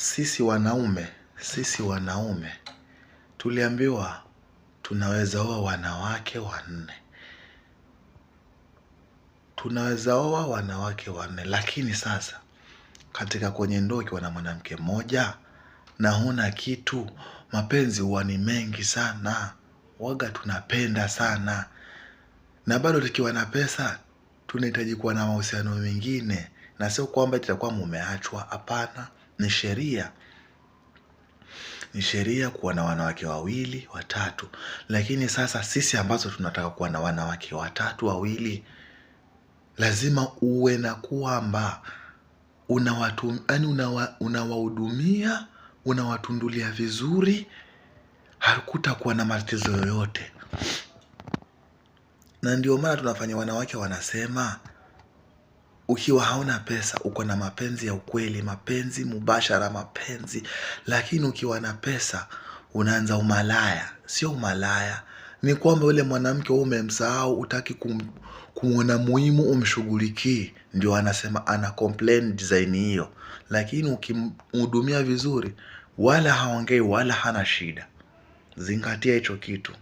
Sisi wanaume, sisi wanaume tuliambiwa tunaweza oa wanawake wanne, tunaweza oa wanawake wanne. Lakini sasa katika kwenye ndoa ukiwa na mwanamke mmoja na huna kitu, mapenzi huwa ni mengi sana, waga tunapenda sana, na bado tukiwa na pesa tunahitaji kuwa na mahusiano mengine, na sio kwamba itakuwa mumeachwa. Hapana ni sheria ni sheria kuwa na wanawake wawili watatu, lakini sasa sisi ambazo tunataka kuwa na wanawake watatu wawili, lazima uwe na kwamba yani unawahudumia, unawatundulia vizuri, hakutakuwa na matatizo yoyote. Na ndio maana tunafanya wanawake wanasema ukiwa hauna pesa uko na mapenzi ya ukweli, mapenzi mubashara, mapenzi. Lakini ukiwa na pesa unaanza umalaya. Sio umalaya, ni kwamba yule mwanamke wewe umemsahau, utaki kum, kumwona muhimu, umshughulikii, ndio anasema ana complain design hiyo. Lakini ukimhudumia vizuri, wala haongei wala hana shida. Zingatia hicho kitu.